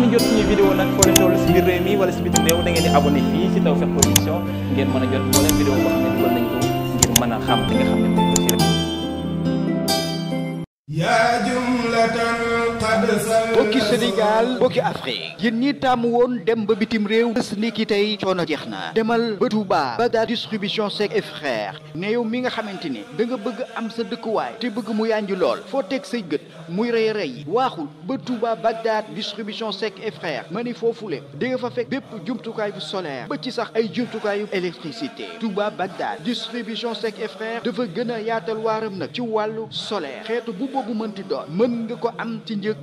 ngeen jot suñu vidéo nag foo leen toll si biir réew wala si biti réew da ngeen di abonné fii si Tawfekh Production ngeen mën a jot moo leen vidéo xam ne dugal nañ ko ngir mën a xam nga xam bokki Sénégal bokki Afrique yéen ñi tàmm woon dem ba bitim réew bés ni ki tey coono jeex na demal ba Touba Bagdad distribution Seck et frère ne yow mi nga xamante ni da nga bëgg am sa dëkkuwaay te bëgg mu yànj lool foo teg say gët muy rey rey yi waaxul ba Touba Bagdad distribution Seck et frère ma ni foofule di nga fa fekk bépp jumtukaay bu solaire ba ci sax ay jumtukaayu électricité Touba Bagdad distribution Seck et frère dafa gën a yaatal waaram nag ci wàllu solaire xeetu bu boobu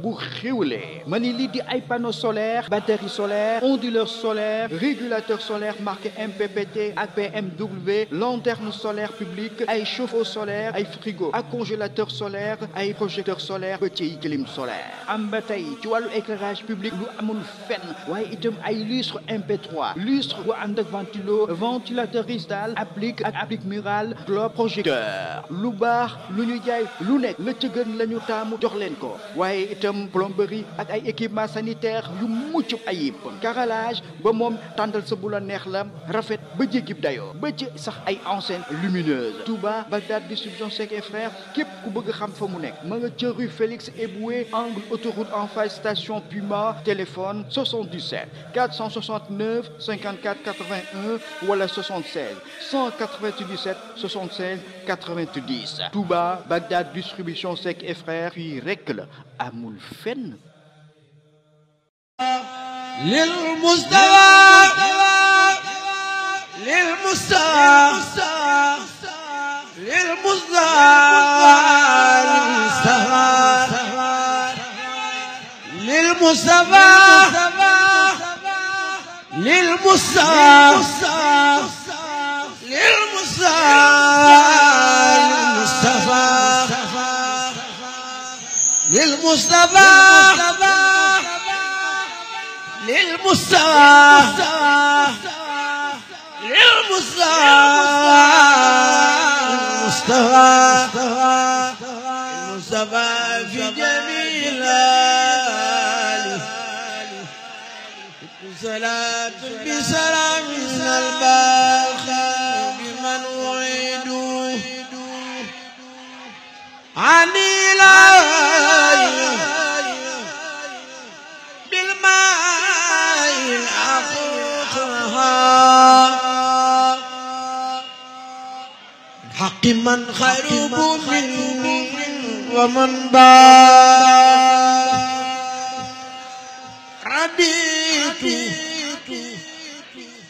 bu xéwlee ma ni lii di ay panneau solaire batterie solaire onduleur solaire régulateur solaire marqué MPPT APMW lanterne solaire publique ay chauffe-eau solaire ay frigo ak congélateur solaire ay projecteur solaire petit clim solaire am ba tey ci wàllu éclairage public lu amul fenn waaye itam ay lustre MP3 lustre bu ànd ak ventilo ventilateur cristal applique ak applique murale globe projecteur lu baax lu ñu jaay lu nekk la ca gën la ñu taamu jox leen ko itam plomberie ak ay équipement sanitaire yu mucc ayib carrelage ba moom tàndal sa bu la neex la rafet ba jéggib dayoo ba ci sax ay enseignes lumineuses Touba Bagdad distribution Seck et frères képp ku bëgg xam fa mu nekk ma nga ca rue Félix Éboué angle autoroute en face station Puma téléphone 77 469 54 81 wala 76 197 76 90 Touba Bagdad distribution Seck et frères fii rekk la amul amul lil mustafa lil mustafa lil mustafa للمصطفى للمصطفى للمصطفى المصطفى في جميل صلاة بسلام من الباخر بمن وعدوا عن الله حق من خير مؤمن ومن باع ربيت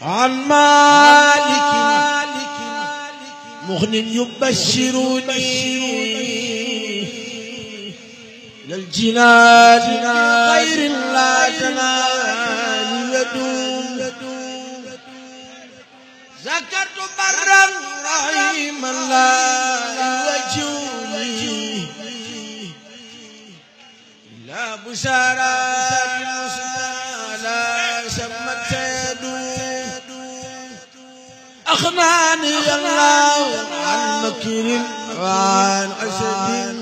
عن مالك مغن يبشرني للجنان غير لا جنان يدوم ذكرت مرة أغناني الله عن مكر وعن أسد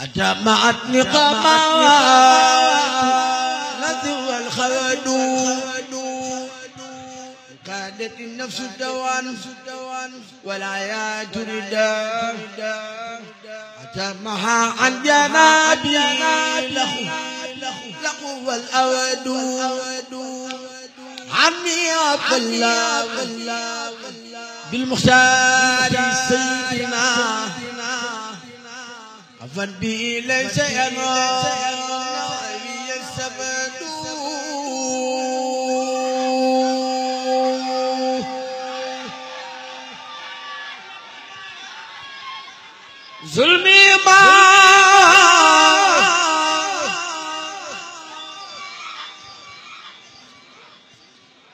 أجمعت نقاما الذي هو الخلد النفس الدوان والآيات رداء أتمها عن جنابي له لقو والأود عمي عبد الله بالمختار سيدنا عفوا به ليس ينام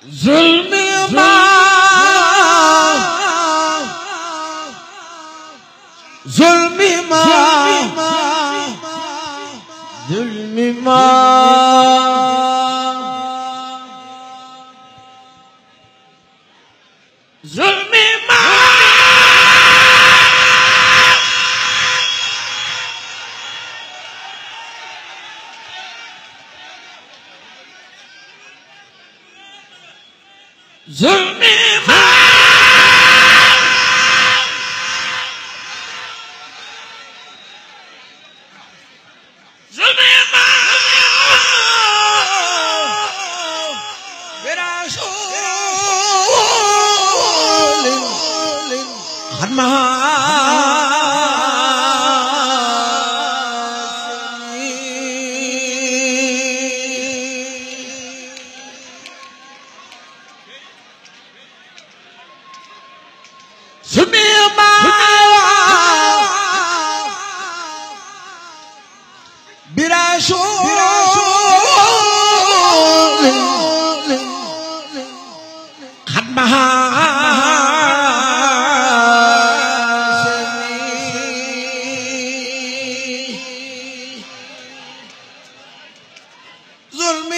zulmi ma zulmi ma zulmi ma zulmi Je برسول قد مها ظلمي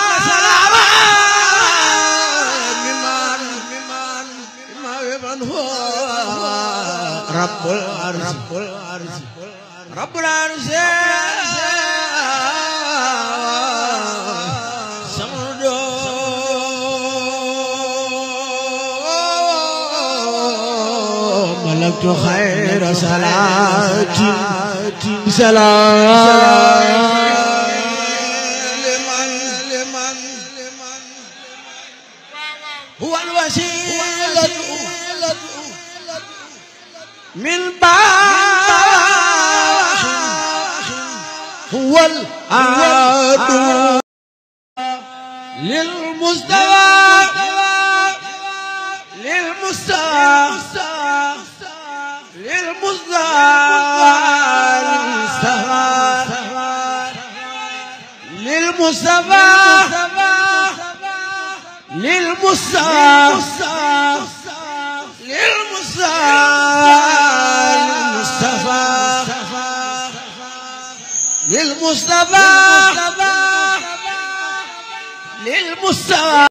رب العرش رب العرش رب العرش ملكت خير صلاتي بسلام من باح هو العدو للمستوى للمستوى للمستوى للمستوى للمستوى للمستوى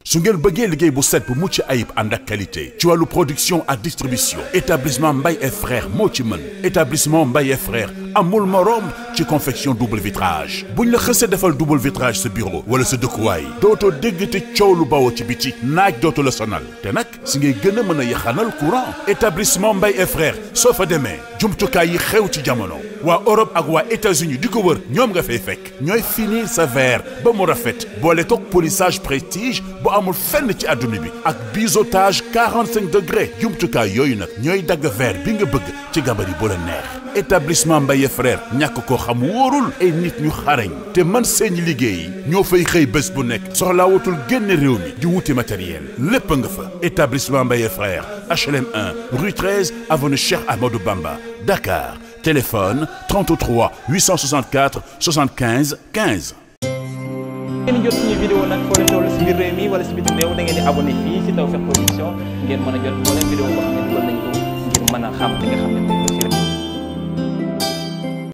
su ngeen bëggee liggéey bu set bu mucc ayib ànd ak qualité ci wàllu production ak distribution établissement mbay et frères moo ci mën établissement Mbaye et frères amul morom ci confection double vitrage buñ la xësee defal double vitrage sa bureau wala sa dëkkuwaay dootoo dégg te coow lu bawoo ci biti naaj dootu la sonal te nag su ngay gën a mën a yaxanal courant établissement Mbaye et frères soo fa demee jumtukaay yi xew ci jamono. waa Europe ak waa États-Unis di ko wër ñoom nga fay fekk ñooy finir sa verre ba mu rafet boole kook polisage prestige bu amul fenn ci adduna bi ak biseautage 45 degré jumtukaay yooyu nag ñooy dagg verre bi nga bëgg ci gabari bu la neex établissement Mbaye frère ñàkk koo xam wóorul ay nit ñu xarañ te man seeni liggéey ñoo fay xëy bés bu nekk soxlaa wutul génn réew mi di wuti matériel lépp nga fa établissement Mbaye frère HLM 1 rue 13 avenue Cheikh Amadou Bamba Dakar téléphone 33 864 75 15. ngeen jot suñu vidéo nag foo leen si biir réew mi si biti réew da ngeen di abonné fii si Tawfekh Production ngeen mën a jot moo leen vidéo boo xam ne dugal nañ ko ngir mën a xam li